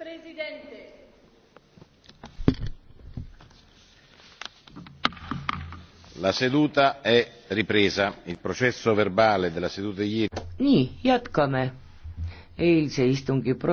Presidente. La seduta è ripresa. Il processo verbale della seduta di ieri. nii, jätkame eilse istungi protokolli.